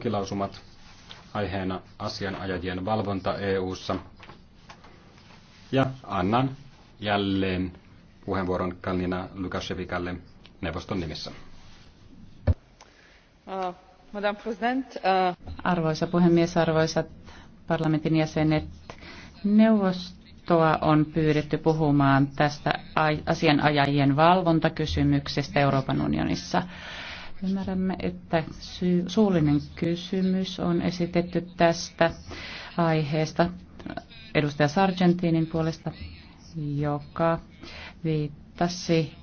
julkilausumat aiheena asianajajien valvonta EU:ssa. Ja annan jälleen puheenvuoron Kalina Lukashevikalle neuvoston nimissä. Uh, uh, Arvoisa puhemies, arvoisat parlamentin jäsenet, neuvostoa on pyydetty puhumaan tästä asianajajien valvontakysymyksestä Euroopan unionissa. Ymmärrämme, että syy, suullinen kysymys on esitetty tästä aiheesta edustaja Sargentinin puolesta, joka viittasi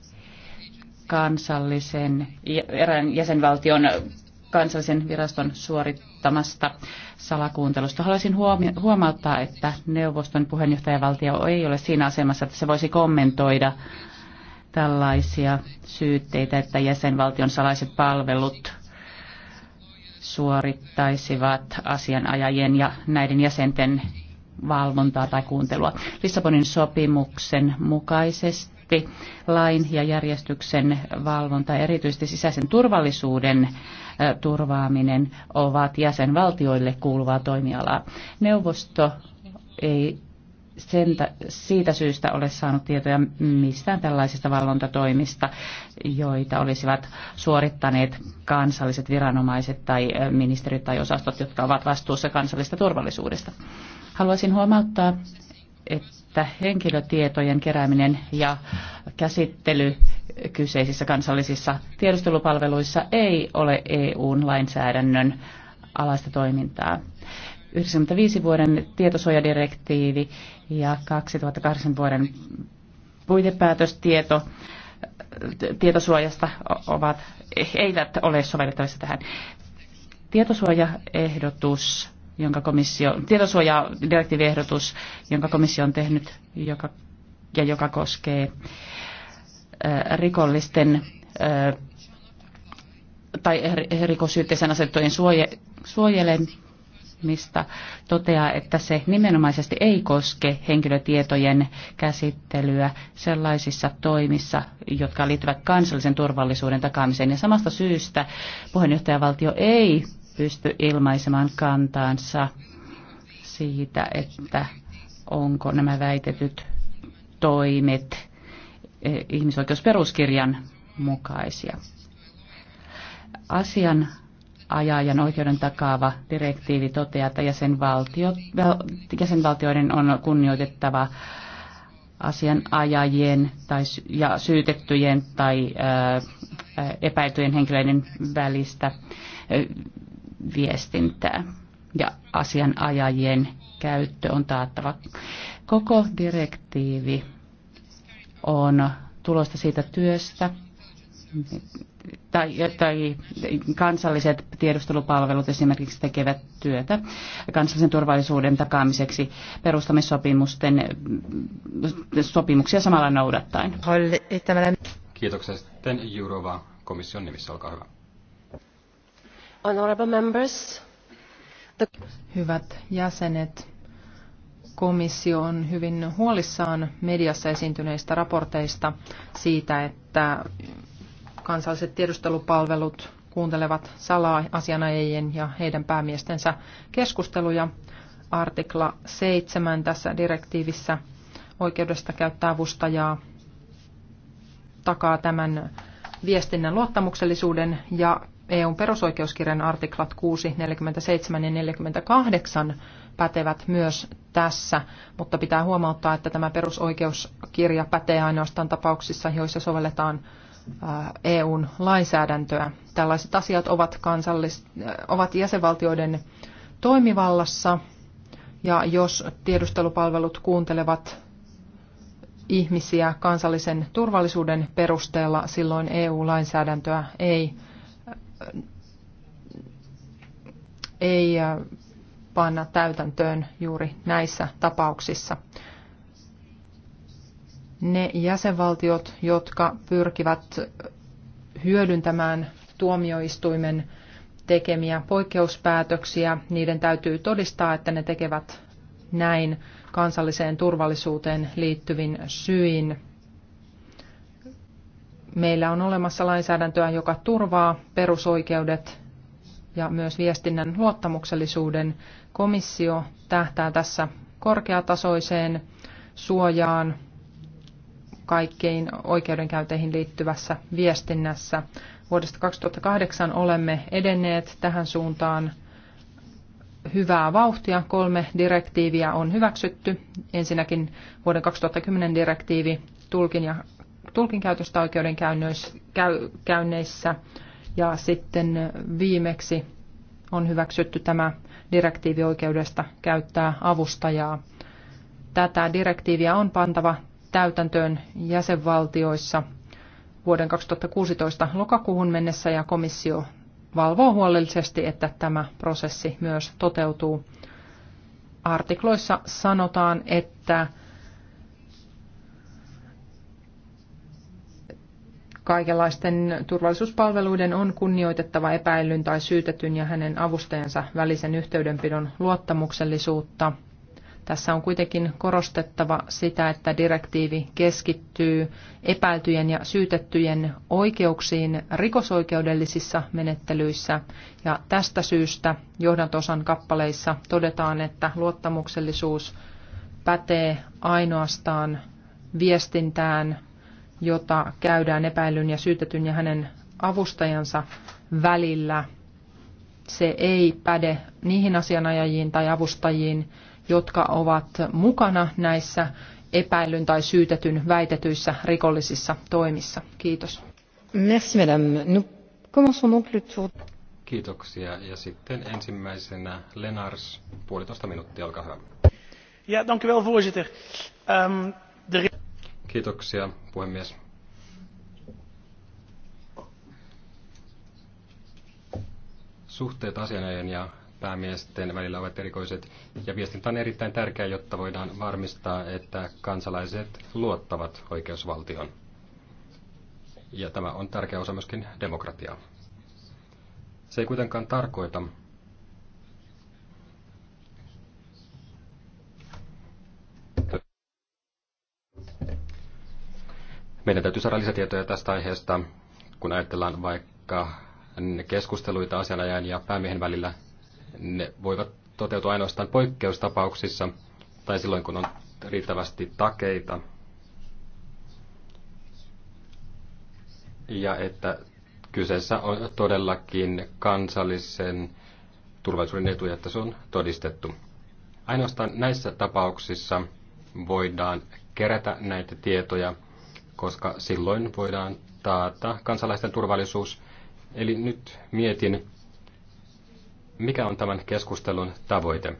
kansallisen, erään jäsenvaltion kansallisen viraston suorittamasta salakuuntelusta. Haluaisin huomauttaa, että neuvoston puheenjohtajavaltio ei ole siinä asemassa, että se voisi kommentoida tällaisia syytteitä, että jäsenvaltion salaiset palvelut suorittaisivat asianajajien ja näiden jäsenten valvontaa tai kuuntelua. Lissabonin sopimuksen mukaisesti lain ja järjestyksen valvonta, erityisesti sisäisen turvallisuuden turvaaminen, ovat jäsenvaltioille kuuluvaa toimialaa. Neuvosto ei sen, siitä syystä ole saanut tietoja mistään tällaisista valvontatoimista, joita olisivat suorittaneet kansalliset viranomaiset tai ministerit tai osastot, jotka ovat vastuussa kansallisesta turvallisuudesta. Haluaisin huomauttaa, että henkilötietojen kerääminen ja käsittely kyseisissä kansallisissa tiedustelupalveluissa ei ole EUn lainsäädännön alaista toimintaa. 95 vuoden tietosuojadirektiivi ja 2008 vuoden puitepäätöstieto tietosuojasta ovat, eivät ole sovellettavissa tähän. Tietosuojaehdotus, jonka komissio, tietosuojadirektiiviehdotus, jonka komissio on tehnyt joka, ja joka koskee ää, rikollisten ää, tai rikosyhteisen asettujen suoje, suojelen, mistä toteaa, että se nimenomaisesti ei koske henkilötietojen käsittelyä sellaisissa toimissa, jotka liittyvät kansallisen turvallisuuden takaamiseen. Ja samasta syystä puheenjohtajavaltio ei pysty ilmaisemaan kantaansa siitä, että onko nämä väitetyt toimet eh, ihmisoikeusperuskirjan mukaisia. Asian ajajan oikeuden takaava direktiivi toteaa, että jäsenvaltiot, jäsenvaltioiden on kunnioitettava asianajajien tai ja syytettyjen tai epäiltyjen henkilöiden välistä viestintää ja asianajajien käyttö on taattava. Koko direktiivi on tulosta siitä työstä, tai, tai kansalliset tiedustelupalvelut esimerkiksi tekevät työtä kansallisen turvallisuuden takaamiseksi perustamissopimusten sopimuksia samalla noudattaen. Kiitoksia. Sitten Jurova komission nimissä, olkaa hyvä. Honorable members, the... Hyvät jäsenet, komissio on hyvin huolissaan mediassa esiintyneistä raporteista siitä, että kansalliset tiedustelupalvelut kuuntelevat salaa asianajajien ja heidän päämiestensä keskusteluja. Artikla 7 tässä direktiivissä oikeudesta käyttää avustajaa takaa tämän viestinnän luottamuksellisuuden ja EUn perusoikeuskirjan artiklat 6, 47 ja 48 pätevät myös tässä, mutta pitää huomauttaa, että tämä perusoikeuskirja pätee ainoastaan tapauksissa, joissa sovelletaan Äh, EUn lainsäädäntöä. Tällaiset asiat ovat, kansallis, äh, ovat jäsenvaltioiden toimivallassa ja jos tiedustelupalvelut kuuntelevat ihmisiä kansallisen turvallisuuden perusteella, silloin EU-lainsäädäntöä ei, äh, ei panna täytäntöön juuri näissä tapauksissa. Ne jäsenvaltiot, jotka pyrkivät hyödyntämään tuomioistuimen tekemiä poikkeuspäätöksiä, niiden täytyy todistaa, että ne tekevät näin kansalliseen turvallisuuteen liittyvin syin. Meillä on olemassa lainsäädäntöä, joka turvaa perusoikeudet ja myös viestinnän luottamuksellisuuden. Komissio tähtää tässä korkeatasoiseen suojaan kaikkein oikeudenkäynteihin liittyvässä viestinnässä. Vuodesta 2008 olemme edenneet tähän suuntaan hyvää vauhtia. Kolme direktiiviä on hyväksytty. Ensinnäkin vuoden 2010 direktiivi tulkin, ja, tulkin käytöstä oikeudenkäynneissä ja sitten viimeksi on hyväksytty tämä direktiivi oikeudesta käyttää avustajaa. Tätä direktiiviä on pantava täytäntöön jäsenvaltioissa vuoden 2016 lokakuuhun mennessä ja komissio valvoo huolellisesti, että tämä prosessi myös toteutuu. Artikloissa sanotaan, että Kaikenlaisten turvallisuuspalveluiden on kunnioitettava epäillyn tai syytetyn ja hänen avustajansa välisen yhteydenpidon luottamuksellisuutta – tässä on kuitenkin korostettava sitä, että direktiivi keskittyy epäiltyjen ja syytettyjen oikeuksiin rikosoikeudellisissa menettelyissä. Ja tästä syystä johdantosan kappaleissa todetaan, että luottamuksellisuus pätee ainoastaan viestintään, jota käydään epäilyn ja syytetyn ja hänen avustajansa välillä. Se ei päde niihin asianajajiin tai avustajiin, jotka ovat mukana näissä epäillyn tai syytetyn väitetyissä rikollisissa toimissa. Kiitos. Merci, madame. Nous commençons donc le tour. Kiitoksia. Ja sitten ensimmäisenä Lenars, puolitoista minuuttia, olkaa hyvä. Ja, dank u wel, voorzitter. Um, de... Kiitoksia, puhemies. Suhteet asianajan ja päämiesten välillä ovat erikoiset. Ja viestintä on erittäin tärkeää, jotta voidaan varmistaa, että kansalaiset luottavat oikeusvaltion. Ja tämä on tärkeä osa myöskin demokratiaa. Se ei kuitenkaan tarkoita, Meidän täytyy saada lisätietoja tästä aiheesta, kun ajatellaan vaikka keskusteluita asianajan ja päämiehen välillä ne voivat toteutua ainoastaan poikkeustapauksissa tai silloin, kun on riittävästi takeita. Ja että kyseessä on todellakin kansallisen turvallisuuden etu, että se on todistettu. Ainoastaan näissä tapauksissa voidaan kerätä näitä tietoja, koska silloin voidaan taata kansalaisten turvallisuus. Eli nyt mietin, mikä on tämän keskustelun tavoite?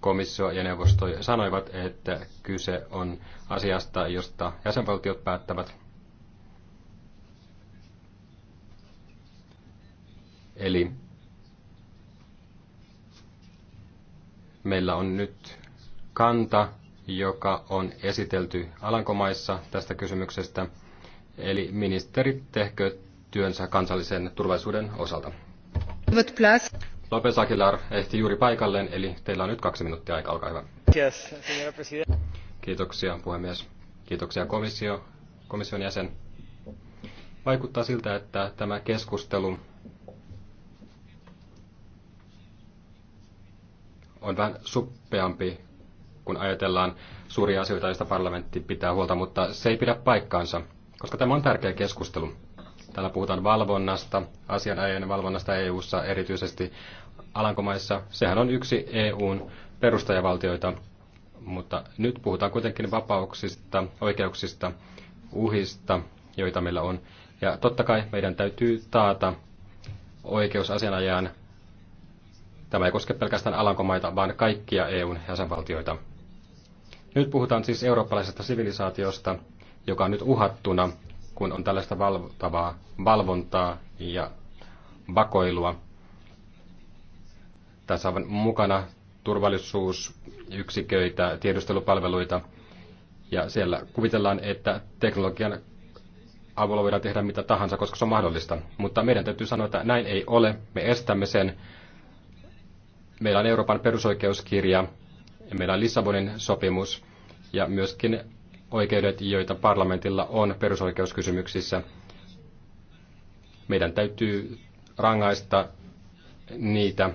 Komissio ja neuvosto sanoivat, että kyse on asiasta, josta jäsenvaltiot päättävät. Eli meillä on nyt kanta, joka on esitelty Alankomaissa tästä kysymyksestä. Eli ministerit tehkö työnsä kansallisen turvallisuuden osalta. Lopes Aguilar ehti juuri paikalleen, eli teillä on nyt kaksi minuuttia aikaa, olkaa hyvä. Kiitoksia puhemies. Kiitoksia komissio, komission jäsen. Vaikuttaa siltä, että tämä keskustelu on vähän suppeampi, kun ajatellaan suuria asioita, joista parlamentti pitää huolta, mutta se ei pidä paikkaansa, koska tämä on tärkeä keskustelu. Täällä puhutaan valvonnasta, asianajajien valvonnasta EU-ssa, erityisesti Alankomaissa. Sehän on yksi EUn perustajavaltioita, mutta nyt puhutaan kuitenkin vapauksista, oikeuksista, uhista, joita meillä on. Ja totta kai meidän täytyy taata oikeus asianajajan. Tämä ei koske pelkästään Alankomaita, vaan kaikkia EUn jäsenvaltioita. Nyt puhutaan siis eurooppalaisesta sivilisaatiosta, joka on nyt uhattuna – kun on tällaista valvontavaa, valvontaa ja vakoilua. Tässä on mukana turvallisuusyksiköitä, tiedustelupalveluita, ja siellä kuvitellaan, että teknologian avulla voidaan tehdä mitä tahansa, koska se on mahdollista. Mutta meidän täytyy sanoa, että näin ei ole. Me estämme sen. Meillä on Euroopan perusoikeuskirja, meillä on Lissabonin sopimus ja myöskin oikeudet, joita parlamentilla on perusoikeuskysymyksissä. Meidän täytyy rangaista niitä,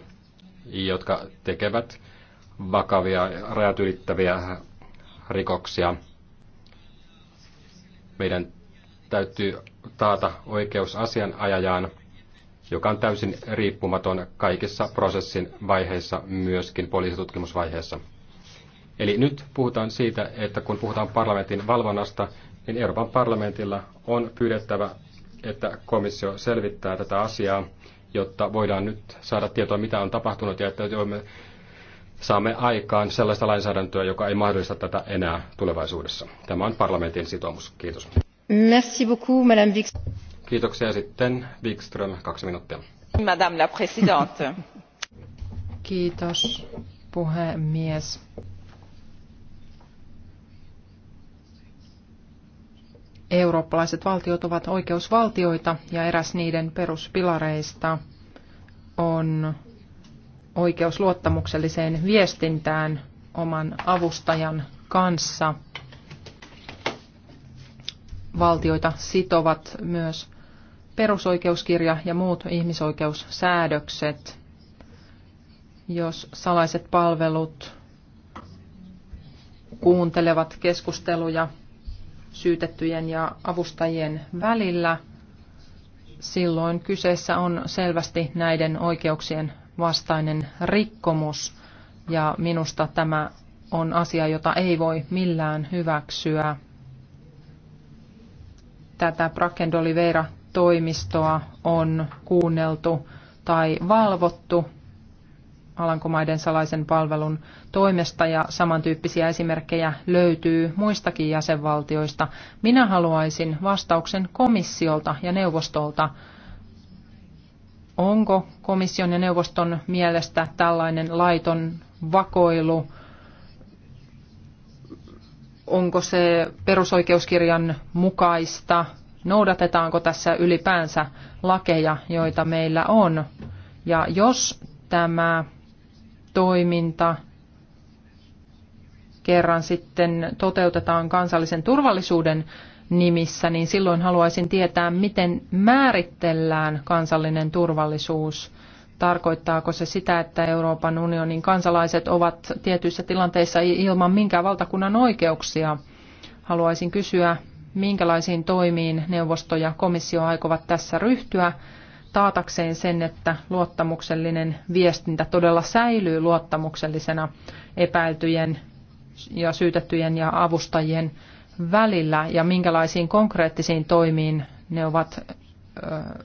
jotka tekevät vakavia rajat ylittäviä rikoksia. Meidän täytyy taata oikeus asianajajaan, joka on täysin riippumaton kaikissa prosessin vaiheissa, myöskin poliisitutkimusvaiheessa. Eli nyt puhutaan siitä, että kun puhutaan parlamentin valvonnasta, niin Euroopan parlamentilla on pyydettävä, että komissio selvittää tätä asiaa, jotta voidaan nyt saada tietoa, mitä on tapahtunut ja että me saamme aikaan sellaista lainsäädäntöä, joka ei mahdollista tätä enää tulevaisuudessa. Tämä on parlamentin sitoumus. Kiitos. Merci beaucoup, Madame Vick... Kiitoksia sitten Wikström, kaksi minuuttia. Madame la Présidente. Kiitos, puhemies. Eurooppalaiset valtiot ovat oikeusvaltioita ja eräs niiden peruspilareista on oikeus luottamukselliseen viestintään oman avustajan kanssa. Valtioita sitovat myös perusoikeuskirja ja muut ihmisoikeussäädökset. Jos salaiset palvelut kuuntelevat keskusteluja syytettyjen ja avustajien välillä, silloin kyseessä on selvästi näiden oikeuksien vastainen rikkomus. Ja minusta tämä on asia, jota ei voi millään hyväksyä. Tätä Bracken toimistoa on kuunneltu tai valvottu Alankomaiden salaisen palvelun toimesta ja samantyyppisiä esimerkkejä löytyy muistakin jäsenvaltioista. Minä haluaisin vastauksen komissiolta ja neuvostolta. Onko komission ja neuvoston mielestä tällainen laiton vakoilu, onko se perusoikeuskirjan mukaista, noudatetaanko tässä ylipäänsä lakeja, joita meillä on. Ja jos tämä toiminta kerran sitten toteutetaan kansallisen turvallisuuden nimissä, niin silloin haluaisin tietää, miten määritellään kansallinen turvallisuus. Tarkoittaako se sitä, että Euroopan unionin kansalaiset ovat tietyissä tilanteissa ilman minkään valtakunnan oikeuksia? Haluaisin kysyä, minkälaisiin toimiin neuvosto ja komissio aikovat tässä ryhtyä taatakseen sen, että luottamuksellinen viestintä todella säilyy luottamuksellisena epäiltyjen ja syytettyjen ja avustajien välillä ja minkälaisiin konkreettisiin toimiin ne ovat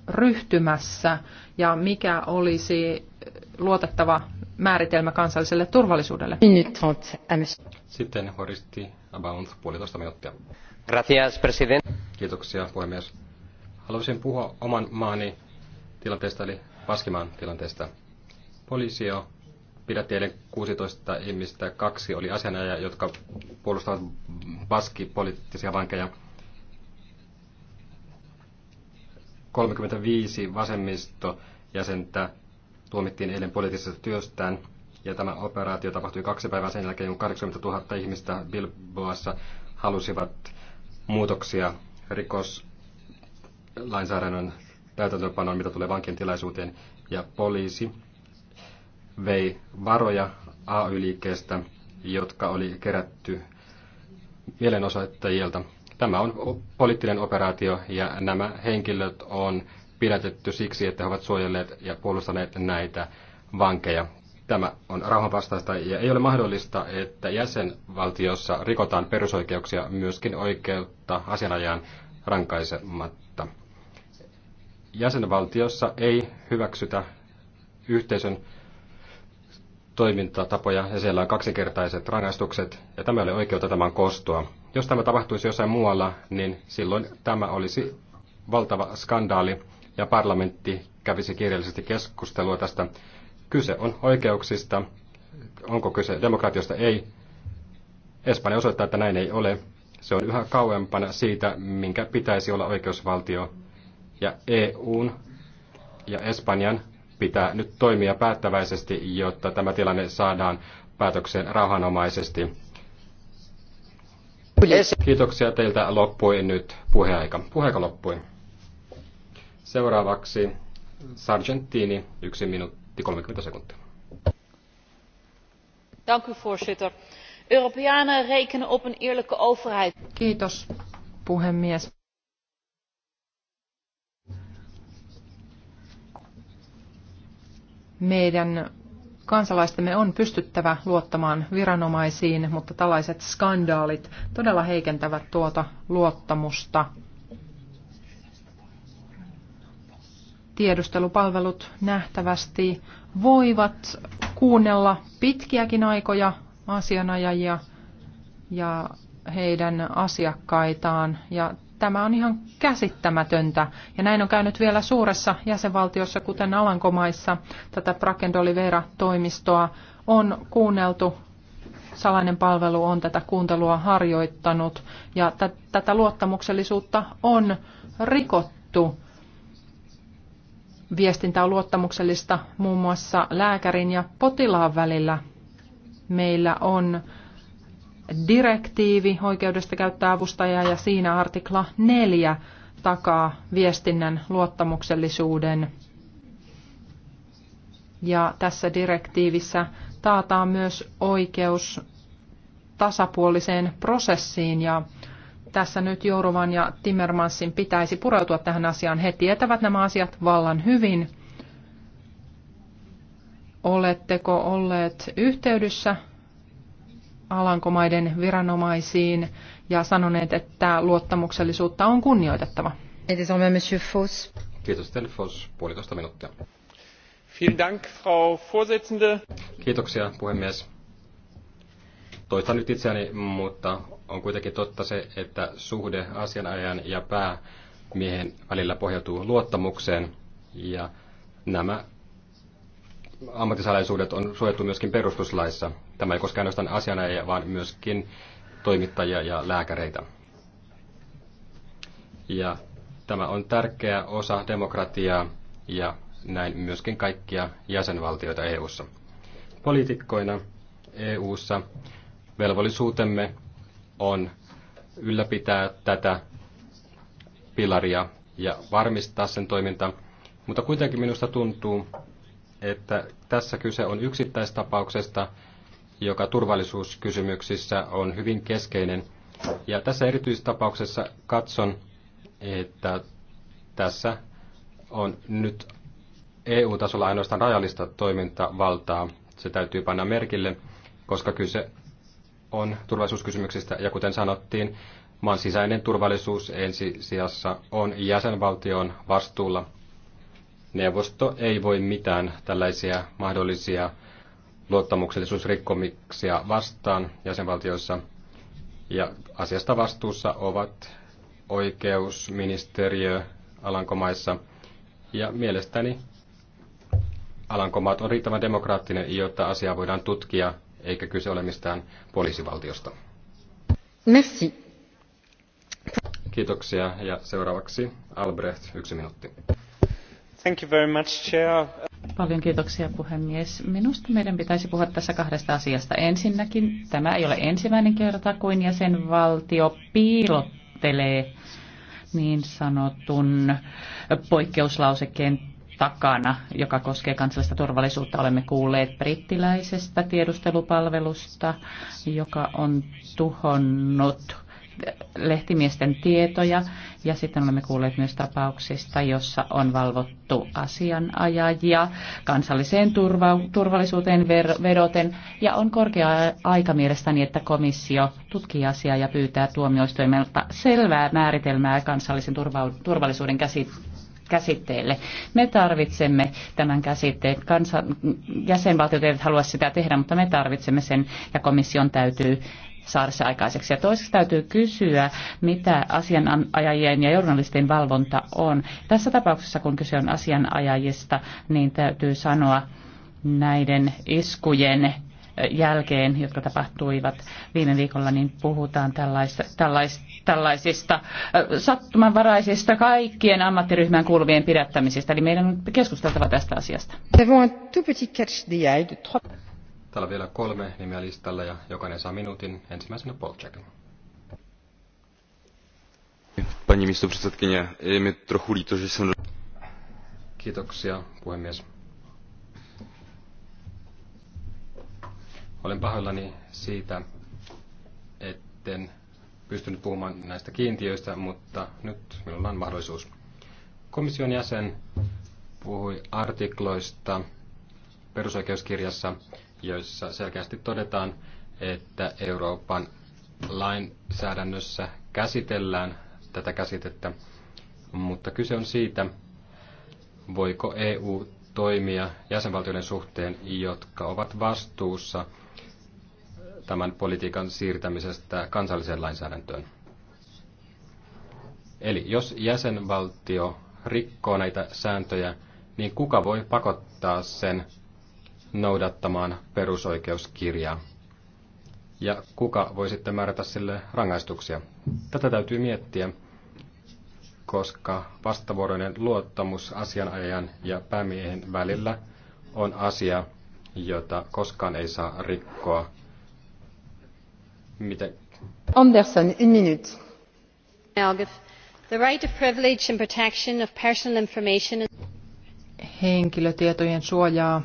ryhtymässä ja mikä olisi luotettava määritelmä kansalliselle turvallisuudelle. Sitten horisti about puolitoista minuuttia. Gracias, president. Kiitoksia, puhemies. Haluaisin puhua oman maani tilanteesta, eli Paskimaan tilanteesta. Poliisio pidätti eilen 16 ihmistä, kaksi oli asianajaja, jotka puolustavat paskipoliittisia vankeja. 35 vasemmisto jäsentä tuomittiin eilen poliittisesta työstään, ja tämä operaatio tapahtui kaksi päivää sen jälkeen, kun 80 000 ihmistä Bilboassa halusivat muutoksia rikoslainsäädännön täytäntöönpanoon, mitä tulee vankien tilaisuuteen, ja poliisi vei varoja AY-liikkeestä, jotka oli kerätty mielenosoittajilta. Tämä on poliittinen operaatio ja nämä henkilöt on pidätetty siksi, että he ovat suojelleet ja puolustaneet näitä vankeja. Tämä on rauhanvastaista ja ei ole mahdollista, että jäsenvaltiossa rikotaan perusoikeuksia myöskin oikeutta asianajan rankaisematta jäsenvaltiossa ei hyväksytä yhteisön toimintatapoja ja siellä on kaksinkertaiset rangaistukset ja tämä ei ole oikeutta tämän kostoa. Jos tämä tapahtuisi jossain muualla, niin silloin tämä olisi valtava skandaali ja parlamentti kävisi kirjallisesti keskustelua tästä. Kyse on oikeuksista, onko kyse demokratiosta, ei. Espanja osoittaa, että näin ei ole. Se on yhä kauempana siitä, minkä pitäisi olla oikeusvaltio ja EUn ja Espanjan pitää nyt toimia päättäväisesti, jotta tämä tilanne saadaan päätökseen rauhanomaisesti. Kiitoksia teiltä. Loppui nyt puheaika. Puheaika loppui. Seuraavaksi Sargentini, yksi minuutti 30 sekuntia. Dank u, voorzitter. Europeanen rekenen op een eerlijke overheid. Kiitos, puhemies. Meidän kansalaistemme on pystyttävä luottamaan viranomaisiin, mutta tällaiset skandaalit todella heikentävät tuota luottamusta. Tiedustelupalvelut nähtävästi voivat kuunnella pitkiäkin aikoja asianajajia ja heidän asiakkaitaan. Ja Tämä on ihan käsittämätöntä. Ja näin on käynyt vielä suuressa jäsenvaltiossa, kuten Alankomaissa. Tätä Prakendolivera-toimistoa on kuunneltu. Salainen palvelu on tätä kuuntelua harjoittanut ja tätä luottamuksellisuutta on rikottu. Viestintä on luottamuksellista muun muassa lääkärin ja potilaan välillä. Meillä on direktiivi oikeudesta käyttää avustajaa ja siinä artikla 4 takaa viestinnän luottamuksellisuuden. Ja tässä direktiivissä taataan myös oikeus tasapuoliseen prosessiin ja tässä nyt Jourovan ja Timmermansin pitäisi pureutua tähän asiaan. He tietävät nämä asiat vallan hyvin. Oletteko olleet yhteydessä Alankomaiden viranomaisiin ja sanoneet, että luottamuksellisuutta on kunnioitettava. Kiitos, Telfos. Puolitoista minuuttia. Kiitoksia, puhemies. Toistan nyt itseäni, mutta on kuitenkin totta se, että suhde asianajan ja päämiehen välillä pohjautuu luottamukseen. Ja nämä ammattisalaisuudet on suojattu myöskin perustuslaissa. Tämä ei koske ainoastaan asianajia, vaan myöskin toimittajia ja lääkäreitä. Ja tämä on tärkeä osa demokratiaa ja näin myöskin kaikkia jäsenvaltioita EU:ssa. Poliitikkoina EU:ssa velvollisuutemme on ylläpitää tätä pilaria ja varmistaa sen toiminta, mutta kuitenkin minusta tuntuu, että tässä kyse on yksittäistapauksesta, joka turvallisuuskysymyksissä on hyvin keskeinen. Ja tässä erityistapauksessa katson, että tässä on nyt EU-tasolla ainoastaan rajallista toimintavaltaa. Se täytyy panna merkille, koska kyse on turvallisuuskysymyksistä. Ja kuten sanottiin, maan sisäinen turvallisuus ensi on jäsenvaltion vastuulla. Neuvosto ei voi mitään tällaisia mahdollisia luottamuksellisuusrikkomiksia vastaan jäsenvaltioissa. Ja asiasta vastuussa ovat oikeusministeriö Alankomaissa. Ja mielestäni Alankomaat on riittävän demokraattinen, jotta asiaa voidaan tutkia, eikä kyse ole mistään poliisivaltiosta. Merci. Kiitoksia ja seuraavaksi Albrecht, yksi minuutti. Thank you very much, Chair. Paljon kiitoksia puhemies. Minusta meidän pitäisi puhua tässä kahdesta asiasta. Ensinnäkin tämä ei ole ensimmäinen kerta, kuin jäsenvaltio piilottelee niin sanotun poikkeuslausekkeen takana, joka koskee kansallista turvallisuutta. Olemme kuulleet brittiläisestä tiedustelupalvelusta, joka on tuhonnut lehtimiesten tietoja ja sitten olemme kuulleet myös tapauksista, jossa on valvottu asianajajia kansalliseen turva- turvallisuuteen ver- vedoten ja on korkea aika mielestäni, että komissio tutkii asiaa ja pyytää tuomioistuimelta selvää määritelmää kansallisen turva- turvallisuuden käsittelyyn. käsitteelle. Me tarvitsemme tämän käsitteen. Kansa, jäsenvaltiot eivät halua sitä tehdä, mutta me tarvitsemme sen ja komission täytyy saada se aikaiseksi. Ja toiseksi täytyy kysyä, mitä asianajajien ja journalistien valvonta on. Tässä tapauksessa, kun kyse on asianajajista, niin täytyy sanoa näiden iskujen jälkeen, jotka tapahtuivat viime viikolla, niin puhutaan tällaista, tällaista, tällaisista sattumanvaraisista kaikkien ammattiryhmään kuuluvien pidättämisistä. Eli meidän on keskusteltava tästä asiasta. Täällä on vielä kolme nimeä listalla ja jokainen saa minuutin. Ensimmäisenä Polchak. Pani místopředsedkyně, je mi trochu že jsem... Kiitoksia, puhemies. Olen pahoillani siitä, etten pystynyt puhumaan näistä kiintiöistä, mutta nyt minulla on mahdollisuus. Komission jäsen puhui artikloista perusoikeuskirjassa, joissa selkeästi todetaan, että Euroopan lainsäädännössä käsitellään tätä käsitettä, mutta kyse on siitä, voiko EU toimia jäsenvaltioiden suhteen, jotka ovat vastuussa tämän politiikan siirtämisestä kansalliseen lainsäädäntöön. Eli jos jäsenvaltio rikkoo näitä sääntöjä, niin kuka voi pakottaa sen noudattamaan perusoikeuskirjaa. Ja kuka voi sitten määrätä sille rangaistuksia? Tätä täytyy miettiä, koska vastavuoroinen luottamus asianajajan ja päämiehen välillä on asia, jota koskaan ei saa rikkoa. Miten? Anderson, yksi minuutti. The right of privilege and protection of personal information henkilötietojen suojaa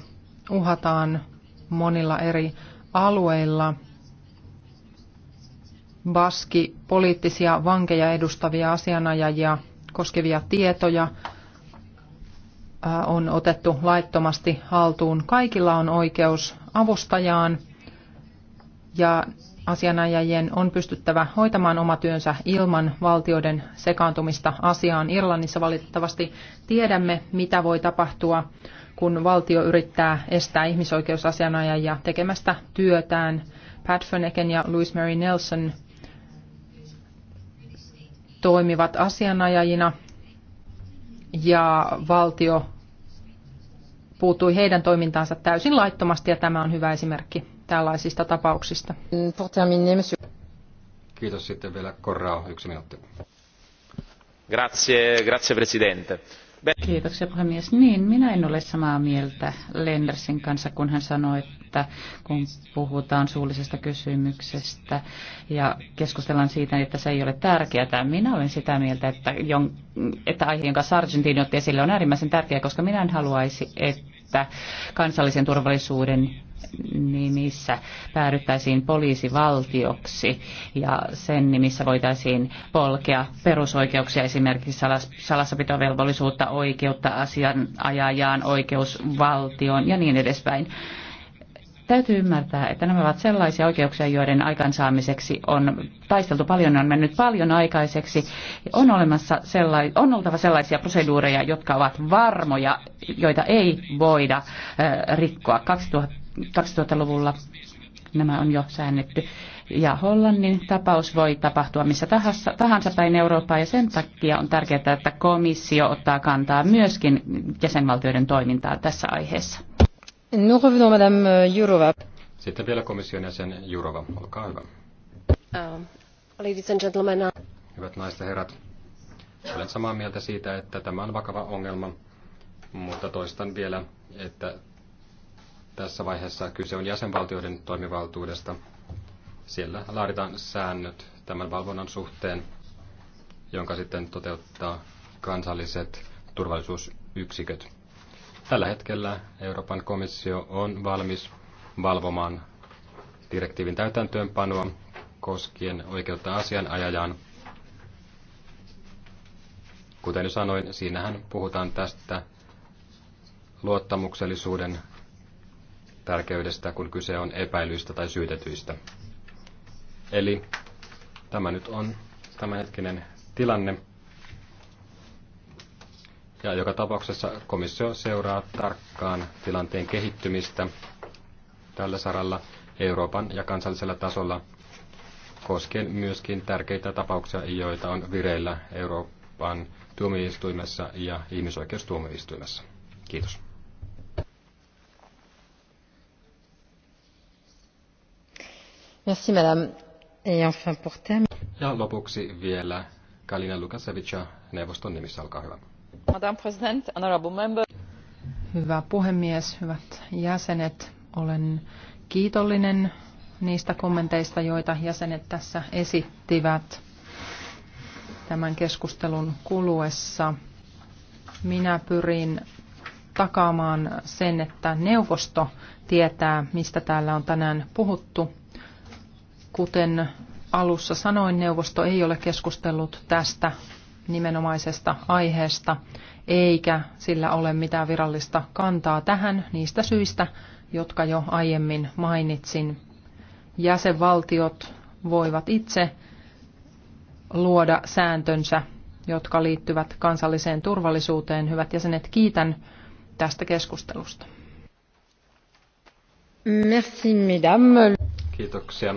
uhataan monilla eri alueilla. Baski poliittisia vankeja edustavia asianajajia koskevia tietoja äh, on otettu laittomasti haltuun. Kaikilla on oikeus avustajaan ja asianajajien on pystyttävä hoitamaan oma työnsä ilman valtioiden sekaantumista asiaan. Irlannissa valitettavasti tiedämme, mitä voi tapahtua, kun valtio yrittää estää ihmisoikeusasianajajia tekemästä työtään. Pat Föneken ja Louis Mary Nelson toimivat asianajajina ja valtio puuttui heidän toimintaansa täysin laittomasti ja tämä on hyvä esimerkki tällaisista tapauksista. Kiitos sitten vielä Korrao, yksi minuutti. Grazie, grazie presidente. Kiitoksia puhemies. Niin, minä en ole samaa mieltä Lendersin kanssa, kun hän sanoi, että kun puhutaan suullisesta kysymyksestä ja keskustellaan siitä, että se ei ole tärkeää. Minä olen sitä mieltä, että, jon, että aihe, jonka Sargentini otti esille, on äärimmäisen tärkeä, koska minä en haluaisi, että kansallisen turvallisuuden nimissä päädyttäisiin poliisivaltioksi ja sen nimissä voitaisiin polkea perusoikeuksia, esimerkiksi salas, salassapitovelvollisuutta, oikeutta asianajajaan, oikeusvaltioon ja niin edespäin. Täytyy ymmärtää, että nämä ovat sellaisia oikeuksia, joiden aikansaamiseksi on taisteltu paljon, on mennyt paljon aikaiseksi. On, olemassa sellai, on oltava sellaisia proseduureja, jotka ovat varmoja, joita ei voida äh, rikkoa. 2000 2000-luvulla nämä on jo säännetty. Ja Hollannin tapaus voi tapahtua missä tahansa, tahansa päin Eurooppaa ja sen takia on tärkeää, että komissio ottaa kantaa myöskin jäsenvaltioiden toimintaa tässä aiheessa. Nous revenons, Madame Jourova. Sitten vielä komission jäsen Jurova, olkaa hyvä. Uh, ladies and gentlemen. Uh, Hyvät naiset ja herrat, olen samaa mieltä siitä, että tämä on vakava ongelma, mutta toistan vielä, että tässä vaiheessa kyse on jäsenvaltioiden toimivaltuudesta. Siellä laaditaan säännöt tämän valvonnan suhteen, jonka sitten toteuttaa kansalliset turvallisuusyksiköt. Tällä hetkellä Euroopan komissio on valmis valvomaan direktiivin täytäntöönpanoa koskien oikeutta asianajajaan. Kuten jo sanoin, siinähän puhutaan tästä luottamuksellisuuden tärkeydestä, kun kyse on epäilyistä tai syytetyistä. Eli tämä nyt on tämänhetkinen tilanne. Ja joka tapauksessa komissio seuraa tarkkaan tilanteen kehittymistä tällä saralla Euroopan ja kansallisella tasolla koskien myöskin tärkeitä tapauksia, joita on vireillä Euroopan tuomioistuimessa ja ihmisoikeustuomioistuimessa. Kiitos. Merci, madame. Et enfin pour Ja lopuksi vielä Kalina Lukasevica neuvoston nimissä, olkaa hyvä. Madame President, honorable member. Hyvä puhemies, hyvät jäsenet. Olen kiitollinen niistä kommenteista, joita jäsenet tässä esittivät tämän keskustelun kuluessa. Minä pyrin takaamaan sen, että neuvosto tietää, mistä täällä on tänään puhuttu, Kuten alussa sanoin, neuvosto ei ole keskustellut tästä nimenomaisesta aiheesta, eikä sillä ole mitään virallista kantaa tähän niistä syistä, jotka jo aiemmin mainitsin. Jäsenvaltiot voivat itse luoda sääntönsä, jotka liittyvät kansalliseen turvallisuuteen. Hyvät jäsenet, kiitän tästä keskustelusta. Merci, Kiitoksia.